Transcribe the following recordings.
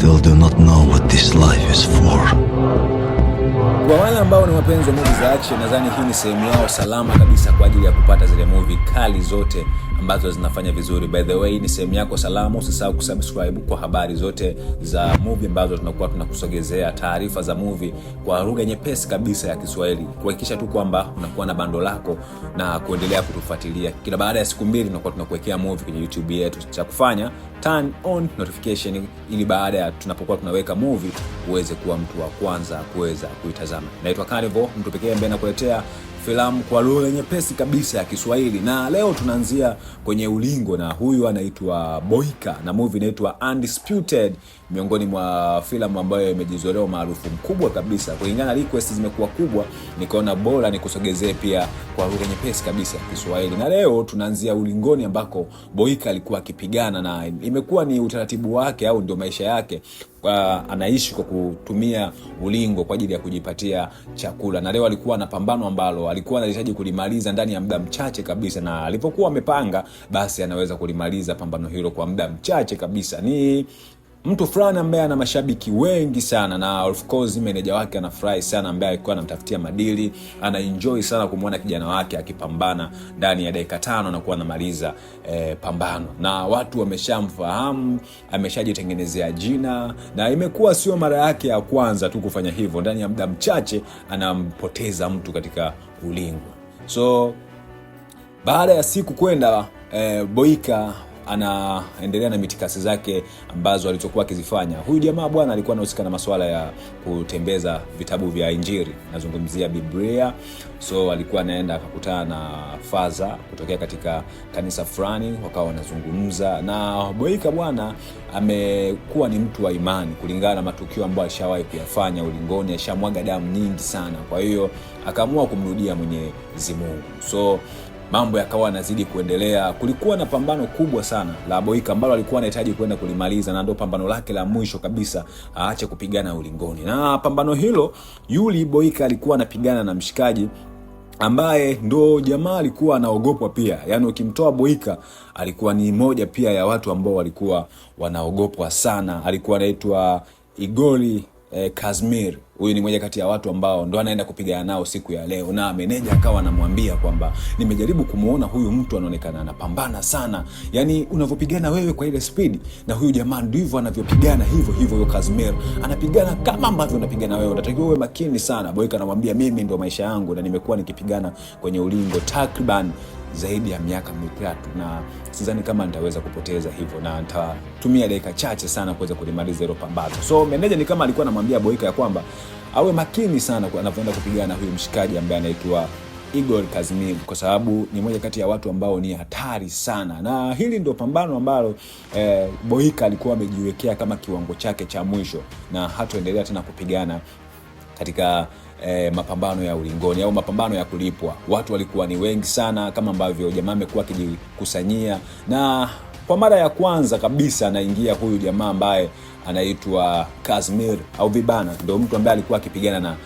still do not know what this life is for. Kwa wale ambao ni wapenzi wa movie za action, nadhani hii ni sehemu yao salama kabisa kwa ajili ya kupata zile movie kali zote ambazo zinafanya vizuri. By the way, ni sehemu yako salama, usisahau kusubscribe kwa habari zote za movie ambazo tunakuwa tunakusogezea taarifa za movie kwa lugha nyepesi kabisa ya Kiswahili, kuhakikisha tu kwamba unakuwa na bando lako na kuendelea kutufuatilia. Kila baada ya siku mbili tunakuwa tunakuwekea movie kwenye YouTube yetu. Cha kufanya turn on notification, ili baada ya tunapokuwa tunaweka movie uweze kuwa mtu wa kwanza kuweza kuitazama. Naitwa Carnival, mtu pekee ambaye nakuletea filamu kwa lugha nyepesi kabisa ya Kiswahili, na leo tunaanzia kwenye ulingo na huyu anaitwa Boyka na movie inaitwa Undisputed, miongoni mwa filamu ambayo imejizolewa maarufu mkubwa kabisa. Kulingana na request zimekuwa kubwa, nikaona bora nikusogezee pia kwa lugha nyepesi kabisa ya Kiswahili, na leo tunaanzia ulingoni ambako Boyka alikuwa akipigana na imekuwa ni utaratibu wake au ndio maisha yake uh, anaishi kwa kutumia ulingo kwa ajili ya kujipatia chakula, na leo alikuwa na pambano ambalo alikuwa anahitaji kulimaliza ndani ya muda mchache kabisa, na alipokuwa amepanga basi anaweza kulimaliza pambano hilo kwa muda mchache kabisa. Ni mtu fulani ambaye ana mashabiki wengi sana na of course meneja wake anafurahi sana, ambaye alikuwa anamtafutia madili. Anaenjoy sana kumwona kijana wake akipambana ndani ya dakika tano na kuwa anamaliza eh, pambano, na watu wameshamfahamu, ameshajitengenezea jina, na imekuwa sio mara yake ya kwanza tu kufanya hivyo. Ndani ya muda mchache anampoteza mtu katika ulingwa So baada ya siku kwenda eh, boika anaendelea na mitikasi zake ambazo alizokuwa akizifanya. Huyu jamaa bwana alikuwa anahusika na masuala ya kutembeza vitabu vya injiri nazungumzia Biblia. So alikuwa anaenda akakutana na faza kutokea katika kanisa fulani, wakawa wanazungumza na boika Bwana amekuwa ni mtu wa imani kulingana na matukio ambayo alishawahi kuyafanya ulingoni, alishamwaga damu nyingi sana, kwa hiyo akaamua kumrudia Mwenyezi Mungu so mambo yakawa yanazidi kuendelea. Kulikuwa na pambano kubwa sana la boika ambalo alikuwa anahitaji kwenda kulimaliza, na ndio pambano lake la mwisho kabisa aache kupigana ulingoni. Na pambano hilo Yuli boika alikuwa anapigana na mshikaji ambaye ndo jamaa alikuwa anaogopwa pia, yaani ukimtoa boika alikuwa ni moja pia ya watu ambao walikuwa wanaogopwa sana. Alikuwa anaitwa Igori eh, Kazmir huyu ni moja kati ya watu ambao ndo anaenda kupigana nao siku ya leo, na meneja akawa anamwambia kwamba nimejaribu kumuona huyu mtu anaonekana anapambana sana, yani unavyopigana wewe kwa ile spidi na huyu jamaa ndivyo anavyopigana hivyo hivyo. Huyo Casemiro anapigana kama ambavyo unapigana wewe, unatakiwa uwe makini sana. Boyka anamwambia mimi ndo maisha yangu na nimekuwa nikipigana kwenye ulingo takriban zaidi ya miaka mitatu, na sidhani kama nitaweza kupoteza hivyo, na nitatumia dakika chache sana kuweza kulimaliza hilo pambano. So meneja ni kama alikuwa anamwambia Boyka ya kwamba awe makini sana anavyoenda kupigana na huyu mshikaji ambaye anaitwa Igor Kazimir kwa sababu ni moja kati ya watu ambao ni hatari sana, na hili ndio pambano ambalo eh, Boyka alikuwa amejiwekea kama kiwango chake cha mwisho na hatuendelea tena kupigana katika eh, mapambano ya ulingoni au mapambano ya kulipwa. Watu walikuwa ni wengi sana, kama ambavyo jamaa amekuwa akijikusanyia, na kwa mara ya kwanza kabisa anaingia huyu jamaa ambaye anaitwa Kazmir au Vibana, ndio mtu ambaye alikuwa akipigana na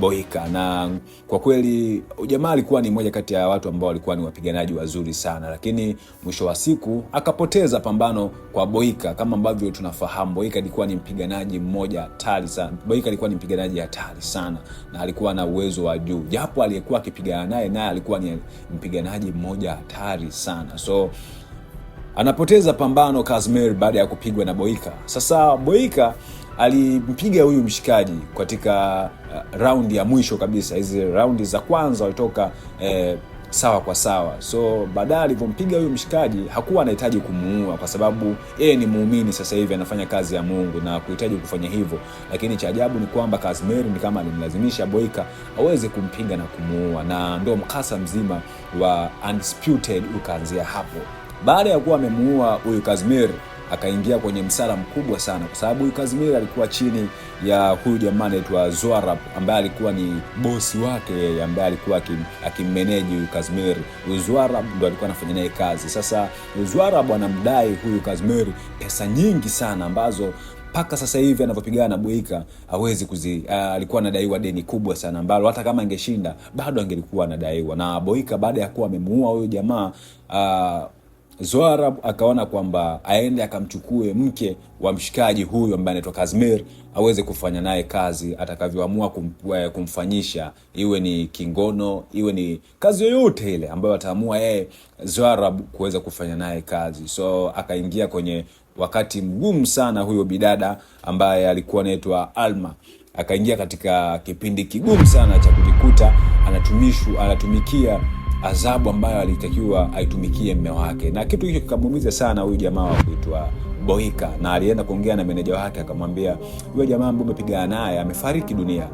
Boyka, na kwa kweli jamaa alikuwa ni mmoja kati ya watu ambao walikuwa ni wapiganaji wazuri sana, lakini mwisho wa siku akapoteza pambano kwa Boyka. Kama ambavyo tunafahamu, Boyka alikuwa ni mpiganaji mmoja hatari sana. Boyka alikuwa ni mpiganaji hatari sana na alikuwa na uwezo wa juu, japo aliyekuwa akipigana naye naye alikuwa ni mpiganaji mmoja hatari sana so anapoteza pambano Kazmir baada ya kupigwa na Boyka. Sasa Boyka alimpiga huyu mshikaji katika uh, raundi ya mwisho kabisa. Hizi raundi za kwanza walitoka eh, sawa kwa sawa. So baadaye alivyompiga huyu mshikaji hakuwa anahitaji kumuua, kwa sababu yeye ni muumini, sasa hivi anafanya kazi ya Mungu na kuhitaji kufanya hivyo. Lakini cha ajabu ni kwamba Kazimiri ni kama alimlazimisha Boyka aweze kumpiga na kumuua, na ndio mkasa mzima wa Undisputed ukaanzia hapo. Baada ya kuwa amemuua huyu Kazimiri akaingia kwenye msala mkubwa sana, kwa sababu huyu Casemiro alikuwa chini ya huyu jamaa anaitwa Zwarab ambaye alikuwa ni bosi wake yeye, ambaye alikuwa akimmeneji huyu Kazimir. Huyu Zwarab ndo alikuwa anafanya naye kazi. Sasa Zwarab anamdai huyu Kazimir pesa nyingi sana ambazo mpaka sasa hivi anavyopigana na Boyka hawezi kuzi, alikuwa anadaiwa deni kubwa sana ambalo hata kama angeshinda bado angelikuwa anadaiwa na Boyka baada ya kuwa amemuua huyo jamaa zoarab akaona kwamba aende akamchukue mke wa mshikaji huyu ambaye anaitwa Kazmir aweze kufanya naye kazi atakavyoamua kum, eh, kumfanyisha iwe ni kingono iwe ni kazi yoyote ile ambayo ataamua yeye Zoarab kuweza kufanya naye kazi. So akaingia kwenye wakati mgumu sana huyo bidada ambaye alikuwa anaitwa Alma, akaingia katika kipindi kigumu sana cha kujikuta anatumishwa anatumikia adhabu ambayo alitakiwa aitumikie mme wake, na kitu hicho kikamuumiza sana huyu jamaa wa kuitwa Boika, na alienda kuongea na meneja wake akamwambia, yule jamaa ambaye umepigana naye amefariki dunia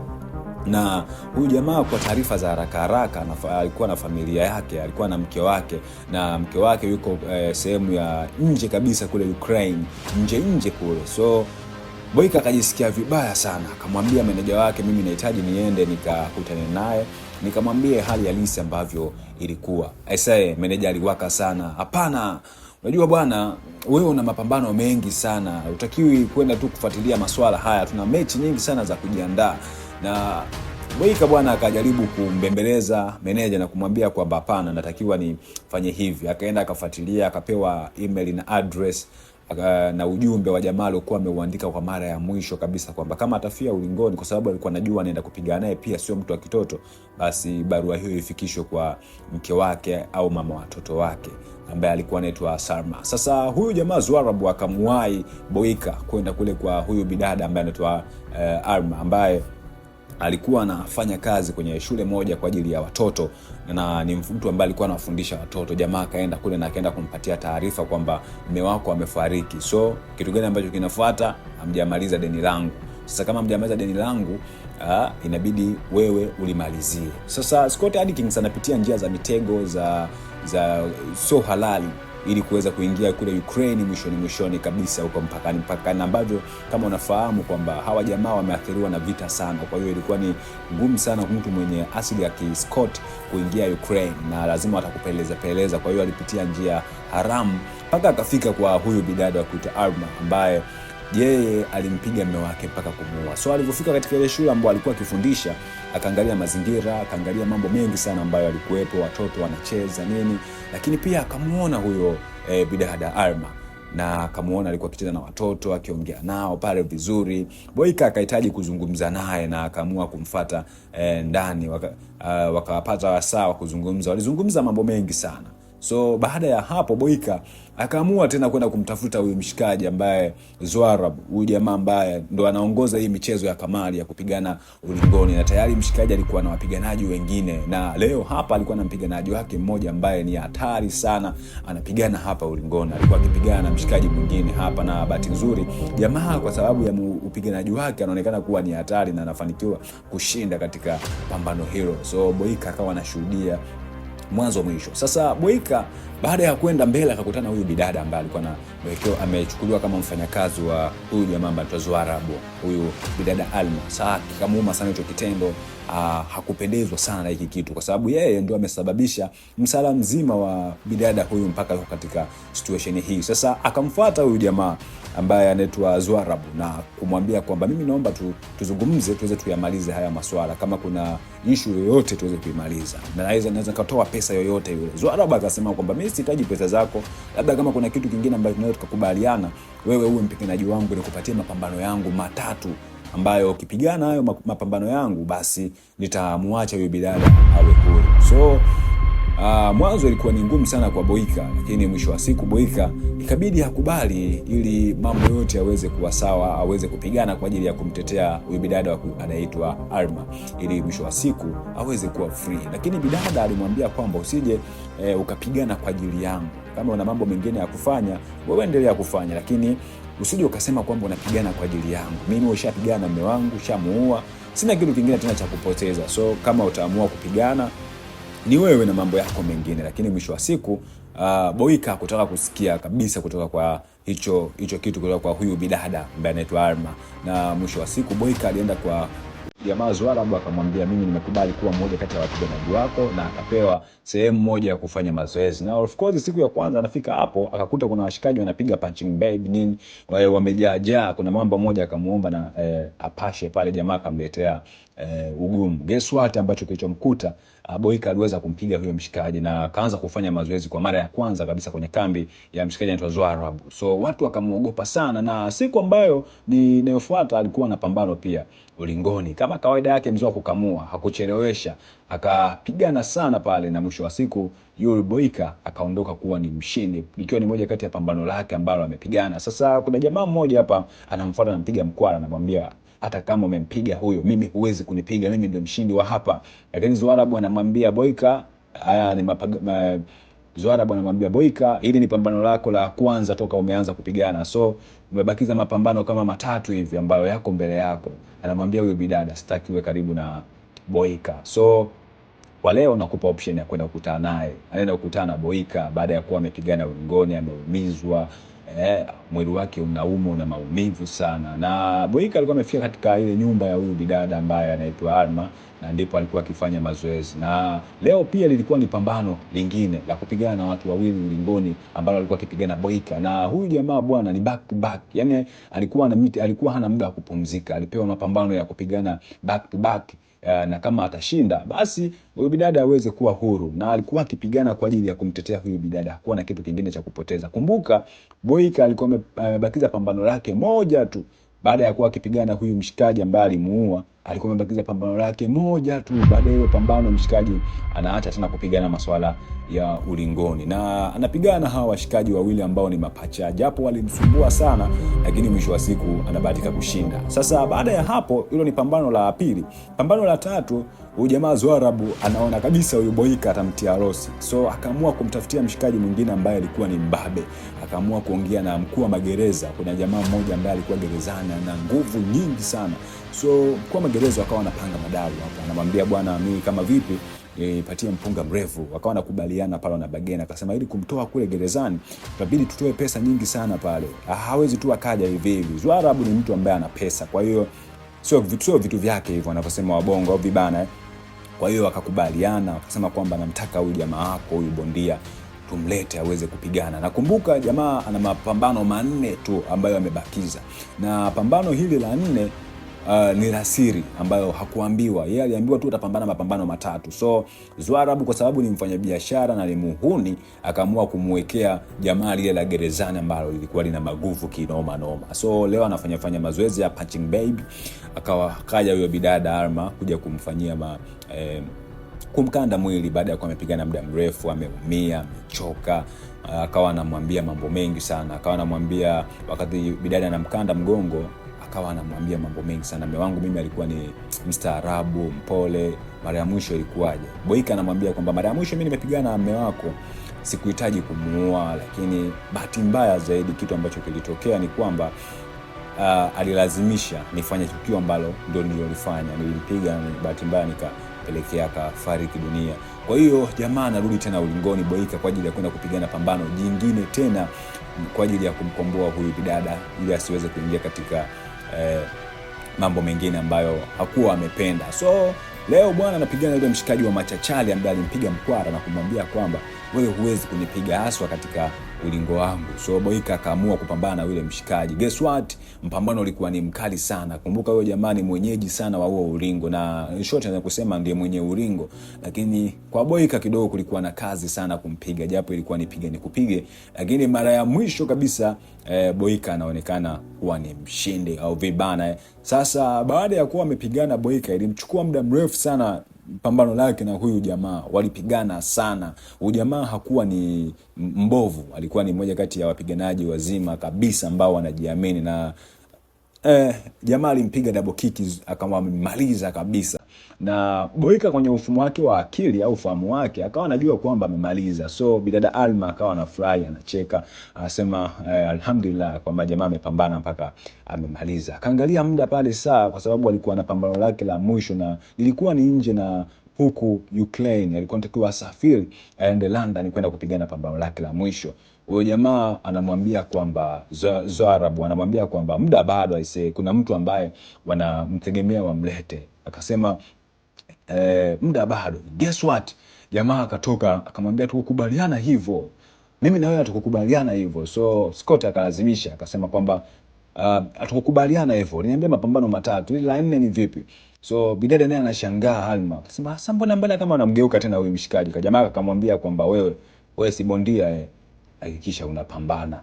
na huyu jamaa kwa taarifa za haraka haraka alikuwa na familia yake, alikuwa na mke wake, na mke wake yuko eh, sehemu ya nje kabisa kule Ukraine, nje nje kule. So boika akajisikia vibaya sana, akamwambia meneja wake, mimi nahitaji niende nikakutane naye nikamwambie hali halisi ambavyo ilikuwa. Aisee, meneja aliwaka sana. Hapana, unajua bwana, wewe una mapambano mengi sana, utakiwi kwenda tu kufuatilia maswala haya, tuna mechi nyingi sana za kujiandaa na Boyka bwana akajaribu kumbembeleza meneja na kumwambia kwamba hapana, natakiwa nifanye hivi. Akaenda akafuatilia, akapewa email na address na ujumbe wa jamaa aliokuwa ameuandika kwa mara ya mwisho kabisa kwamba kama atafia ulingoni, kwa sababu alikuwa anajua anaenda kupigana naye, pia sio mtu wa kitoto, basi barua hiyo ifikishwe kwa mke wake au mama watoto wake ambaye alikuwa anaitwa Sarma. Sasa huyu jamaa Zuarabu akamuwai Boika kwenda kule kwa huyu bidada ambaye anaitwa uh, Arma ambaye alikuwa anafanya kazi kwenye shule moja kwa ajili ya watoto, na ni mtu ambaye alikuwa anawafundisha watoto. Jamaa akaenda kule na akaenda kumpatia taarifa kwamba mme wako amefariki, so kitu gani ambacho kinafuata? Hamjamaliza deni langu. Sasa kama mjamaliza deni langu uh, inabidi wewe ulimalizie. Sasa Scott Adkins anapitia njia za mitego za za sio halali ili kuweza kuingia kule Ukraine mwishoni mwishoni kabisa huko mpakani mpakani, ambavyo kama unafahamu kwamba hawa jamaa wameathiriwa na vita sana. Kwa hiyo ilikuwa ni ngumu sana mtu mwenye asili ya Kiskot kuingia Ukraine, na lazima atakupeleza peleza. Kwa hiyo alipitia njia haramu mpaka akafika kwa huyu bidada wa kuita Arma ambaye yeye alimpiga mume wake mpaka kumuua. So alivyofika katika ile shule ambayo alikuwa akifundisha, akaangalia mazingira, akaangalia mambo mengi sana ambayo alikuwepo, watoto wanacheza nini lakini pia akamuona huyo e, eh, bidada Alma na akamuona alikuwa akicheza na watoto akiongea nao pale vizuri. Boyka akahitaji kuzungumza naye na akaamua kumfata e, eh, ndani, wakawapata waka ah, wasaa wa kuzungumza. Walizungumza mambo mengi sana So baada ya hapo Boyka akaamua tena kwenda kumtafuta huyu mshikaji ambaye Zwarab, huyu jamaa ambaye ndo anaongoza hii michezo ya kamari ya kupigana ulingoni, na tayari mshikaji alikuwa na wapiganaji wengine, na leo hapa alikuwa na mpiganaji wake mmoja ambaye ni hatari sana, anapigana hapa ulingoni. Alikuwa akipigana na mshikaji mwingine hapa, na bahati nzuri jamaa, kwa sababu ya upiganaji wake, anaonekana kuwa ni hatari na anafanikiwa kushinda katika pambano hilo. So Boyka akawa anashuhudia mwanzo mwisho. Sasa Boyka baada ya kwenda mbele akakutana huyu bidada ambaye alikuwa na anawekewa amechukuliwa kama mfanyakazi wa huyu jamaa ambaye anaitwa Zuarabu, huyu bidada Alma. Saa kikamuuma sana hicho kitendo. Uh, hakupendezwa sana na hiki kitu kwa sababu yeye ndio amesababisha msala mzima wa bidada huyu mpaka yuko katika situation hii. Sasa akamfuata huyu jamaa ambaye anaitwa Zuarabu na kumwambia kwamba mimi naomba tu, tuzungumze tuweze tuyamalize haya maswala, kama kuna issue yoyote tuweze kuimaliza, na naweza naweza katoa pesa yoyote yule. Zuarabu akasema kwamba mimi mimi sihitaji pesa zako, labda kama kuna kitu kingine ambacho tunaweza tukakubaliana, wewe uwe mpiganaji wangu, kupatia mapambano yangu matatu ambayo ukipigana hayo mapambano yangu, basi nitamwacha huyo bidada awe huru so Uh, mwanzo ilikuwa ni ngumu sana kwa Boyka, lakini mwisho wa siku Boyka ikabidi hakubali ili mambo yote aweze kuwa sawa, aweze kupigana kwa ajili ya kumtetea huyu bidada anayeitwa Alma, ili mwisho wa siku aweze kuwa free. Lakini bidada alimwambia kwamba usije e, ukapigana kwa ajili yangu, kama una mambo mengine ya kufanya wewe endelea kufanya, lakini usije ukasema kwamba unapigana kwa ajili yangu. Mimi ushapigana na mume wangu, ushamuua, sina kitu kingine tena cha kupoteza, so kama utaamua kupigana ni wewe na mambo yako mengine, lakini mwisho wa siku uh, boika kutaka kusikia kabisa kutoka kwa hicho hicho kitu kutoka kwa huyu bidada ambaye anaitwa Alma, na mwisho wa siku boika alienda kwa jamaa Zwarabu akamwambia, mimi nimekubali kuwa mmoja kati ya wapiganaji wako, na akapewa sehemu moja ya kufanya mazoezi. Na of course siku ya kwanza anafika hapo akakuta kuna washikaji wanapiga punching bag nini, wao wamejaa jaa. Kuna mamba mmoja akamuomba na eh, apashe pale, jamaa akamletea eh, ugumu. Guess what ambacho kilichomkuta uh, Boyka aliweza kumpiga huyo mshikaji na akaanza kufanya mazoezi kwa mara ya kwanza kabisa kwenye kambi ya mshikaji anaitwa Zwarab. So watu wakamuogopa sana, na siku ambayo ni inayofuata alikuwa na pambano pia ulingoni. Kama kawaida yake mzee wa kukamua, hakuchelewesha, akapigana sana pale na mwisho wa siku yule Boyka akaondoka kuwa ni mshindi, ikiwa ni moja kati ya pambano lake ambalo amepigana. Sasa kuna jamaa mmoja hapa anamfuata, anampiga mkwara, anamwambia hata kama umempiga huyo, mimi huwezi kunipiga, mimi ndio mshindi wa hapa. Lakini Zuarabu anamwambia Boyka, haya ni mapaga, Zuarabu anamwambia Boyka, hili ni pambano lako la kwanza toka umeanza kupigana, so umebakiza mapambano kama matatu hivi ambayo yako mbele yako. Anamwambia huyo bidada, sitaki uwe karibu na Boyka. So kwa leo nakupa option ya kwenda kukutana naye, anaenda kukutana na Boyka baada ya kuwa amepigana ulingoni, ameumizwa eh, mwili wake unaumwa na maumivu sana. Na Boyka alikuwa amefika katika ile nyumba ya huyu bidada ambaye anaitwa Alma, na ndipo alikuwa akifanya mazoezi. Na leo pia lilikuwa ni pambano lingine la kupigana na watu wawili ulingoni, ambalo alikuwa akipigana Boyka na huyu jamaa bwana, ni back to back, yani alikuwa ana alikuwa hana muda wa kupumzika, alipewa mapambano ya kupigana back to back Eh, na kama atashinda basi huyu bidada aweze kuwa huru, na alikuwa akipigana kwa ajili ya kumtetea huyu bidada, hakuwa na kitu kingine cha kupoteza. Kumbuka Boyka alikuwa amebakiza pambano lake moja tu baada ya kuwa akipigana huyu mshikaji ambaye alimuua alikuwa amebakiza pambano lake moja tu. Baada ya pambano, mshikaji anaacha tena kupigana masuala ya ulingoni na anapigana hawa washikaji wawili ambao ni mapacha, japo walimsumbua sana, lakini mwisho wa siku anabahatika kushinda. Sasa baada ya hapo, hilo ni pambano la pili. Pambano la tatu, huyu jamaa Zoarabu anaona kabisa huyu Boika atamtia rosi, so akaamua kumtafutia mshikaji mwingine ambaye alikuwa ni mbabe akaamua kuongea na mkuu wa magereza. Kuna jamaa mmoja ambaye alikuwa gerezani na nguvu nyingi sana, so mkuu wa magereza akawa anapanga madau hapo, anamwambia bwana, mimi kama vipi nipatie mpunga mrefu. Wakawa nakubaliana pale na Bagena, akasema ili kumtoa kule gerezani itabidi tutoe pesa nyingi sana pale, hawezi tu akaja hivi hivi. Zwarabu ni mtu ambaye ana pesa, kwa hiyo sio vitu, sio vitu vyake hivyo wanavyosema wabongo au vibana. Eh. Kwa hiyo wakakubaliana, wakasema kwamba namtaka huyu jamaa wako huyu bondia tumlete aweze kupigana. Nakumbuka jamaa ana mapambano manne tu ambayo amebakiza, na pambano hili la nne Uh, ni la siri ambayo hakuambiwa yeye, aliambiwa tu atapambana mapambano matatu. So Zwarabu kwa sababu ni mfanyabiashara na ni muhuni, akaamua kumwekea jamaa lile la gerezani ambalo lilikuwa lina maguvu kinoma noma. So leo anafanya fanya mazoezi ya punching baby, akawa kaja huyo bidada Arma kuja kumfanyia ma, eh, kumkanda mwili baada ya kuwa amepigana muda mrefu, ameumia, amechoka, akawa anamwambia mambo mengi sana, akawa anamwambia wakati bidada anamkanda mgongo akawa anamwambia mambo mengi sana. Mume wangu mimi alikuwa ni mstaarabu, mpole. Mara ya mwisho ilikuwaje? Boika anamwambia kwamba mara ya mwisho mimi nimepigana na mume wako, sikuhitaji kumuua, lakini bahati mbaya zaidi kitu ambacho kilitokea ni kwamba uh, alilazimisha nifanye tukio ambalo ndio nililofanya. Nilimpiga, bahati mbaya nika ikapelekea akafariki dunia. Kwa hiyo jamaa anarudi tena ulingoni boika kwa ajili ya kwenda kupigana pambano jingine tena kwa ajili ya kumkomboa huyu bidada ili asiweze kuingia katika eh, mambo mengine ambayo hakuwa amependa. So leo bwana anapigana yule mshikaji wa Machachali ambaye alimpiga mkwara na kumwambia kwamba wewe huwezi kunipiga haswa katika ulingo wangu. So Boyka akaamua kupambana na yule mshikaji. Guess what? Mpambano ulikuwa ni mkali sana. Kumbuka huyo jamaa ni mwenyeji sana wa huo ulingo na short anaweza kusema ndiye mwenye ulingo. Lakini kwa Boyka kidogo kulikuwa na kazi sana kumpiga japo ilikuwa nipige nikupige. Lakini mara ya mwisho kabisa eh, Boyka anaonekana kuwa ni mshindi au vibana. Sasa baada ya kuwa amepigana Boyka ilimchukua muda mrefu sana pambano lake na huyu jamaa walipigana sana. Huyu jamaa hakuwa ni mbovu, alikuwa ni mmoja kati ya wapiganaji wazima kabisa ambao wanajiamini na eh, jamaa alimpiga double kick kabisa na Boyka kwenye ufumu wake wa akili au ufahamu wake akawa anajua kwamba amemaliza. So bidada Alma akawa anafurahi, anacheka, anasema eh, alhamdulillah kwamba jamaa amepambana mpaka amemaliza. Akaangalia muda pale saa, kwa sababu alikuwa na pambano lake la mwisho na lilikuwa ni nje na huku Ukraine alikuwa anatakiwa asafiri aende London kwenda kupigana pambano lake la mwisho. Huyo jamaa anamwambia kwamba Zarabu anamwambia kwamba muda bado aisee, kuna mtu ambaye wanamtegemea wamlete. Akasema eh, muda bado. Guess what? Jamaa akatoka akamwambia tukukubaliana hivyo, mimi na wewe hatukukubaliana hivyo. So Scott akalazimisha akasema kwamba uh, hatukukubaliana hivyo, niambia mapambano matatu, ili la nne ni vipi? So bidada naye anashangaa Halima akasema sasa mbona mbele kama anamgeuka tena huyu mshikaji. Kajamaa akamwambia kwamba wewe wewe si bondia eh, hakikisha unapambana.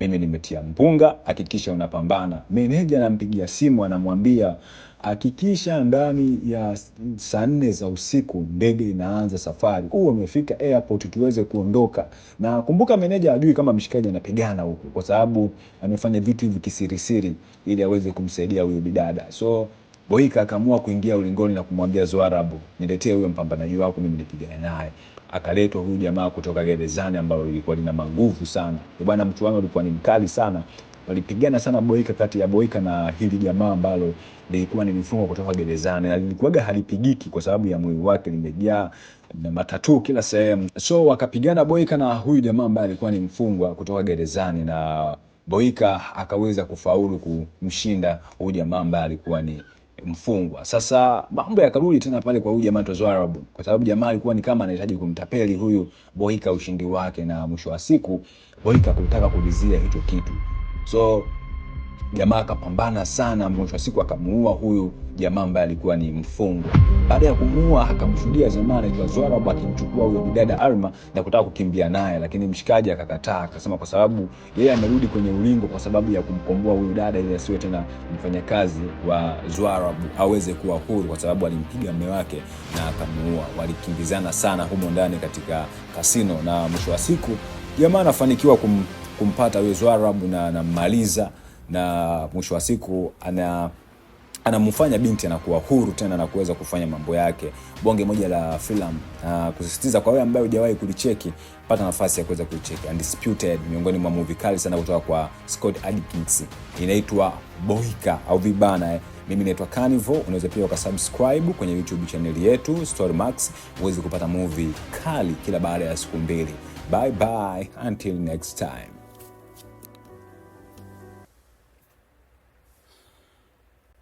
Mimi nimetia mpunga, hakikisha unapambana. Meneja anampigia simu anamwambia hakikisha ndani ya saa nne za usiku ndege inaanza safari, huo umefika airport tuweze kuondoka. Na kumbuka, meneja ajui kama mshikaji anapigana huko, kwa sababu amefanya vitu hivi kisirisiri ili aweze kumsaidia huyo bidada. So Boyka akaamua kuingia ulingoni na kumwambia Zoharabu, niletee huyo mpambanaji wako, mimi nipigane naye akaletwa huyu jamaa kutoka gerezani ambalo lilikuwa lina manguvu sana. Bwana, mchuano ulikuwa ni mkali sana, walipigana sana Boyka, kati ya Boyka na hili jamaa ambalo lilikuwa ni mfungwa kutoka gerezani, na lilikuwaga halipigiki kwa sababu ya mwili wake limejaa na matatu kila sehemu. So wakapigana Boyka na huyu jamaa ambaye alikuwa ni mfungwa kutoka gerezani na Boyka akaweza kufaulu kumshinda huyu jamaa ambaye alikuwa ni mfungwa. Sasa mambo yakarudi tena pale kwa huyu jamaa Tozo Arabu, kwa sababu jamaa alikuwa ni kama anahitaji kumtapeli huyu Boyka ushindi wake, na mwisho wa siku Boyka kutaka kulizia hicho kitu so Jamaa akapambana sana, mwisho wa siku akamuua huyu jamaa ambaye alikuwa ni mfungwa. Baada ya kumuua, akamshuhudia jamaa anaitwa Zwarab akimchukua huyo bidada Alma na kutaka kukimbia naye, lakini mshikaji akakataa, akasema kwa sababu yeye amerudi kwenye ulingo kwa sababu ya kumkomboa huyu dada ili asiwe tena mfanyakazi wa Zwarab, aweze kuwa huru, kwa sababu alimpiga mume wake na akamuua. Walikimbizana sana humo ndani katika kasino, na mwisho wa siku jamaa anafanikiwa kum, kumpata huyo Zwarab na anammaliza na mwisho wa siku ana anamfanya binti anakuwa huru tena na kuweza kufanya mambo yake. Bonge moja la filamu uh, kusisitiza kwa wewe ambaye hujawahi kulicheki, pata nafasi ya kuweza kulicheki. Undisputed, miongoni mwa movie kali sana kutoka kwa Scott Adkins, inaitwa Boika au vibana eh. Mimi naitwa Canivo, unaweza pia ukasubscribe kwenye YouTube channel yetu Storymax uweze kupata movie kali kila baada ya siku mbili. Bye bye until next time.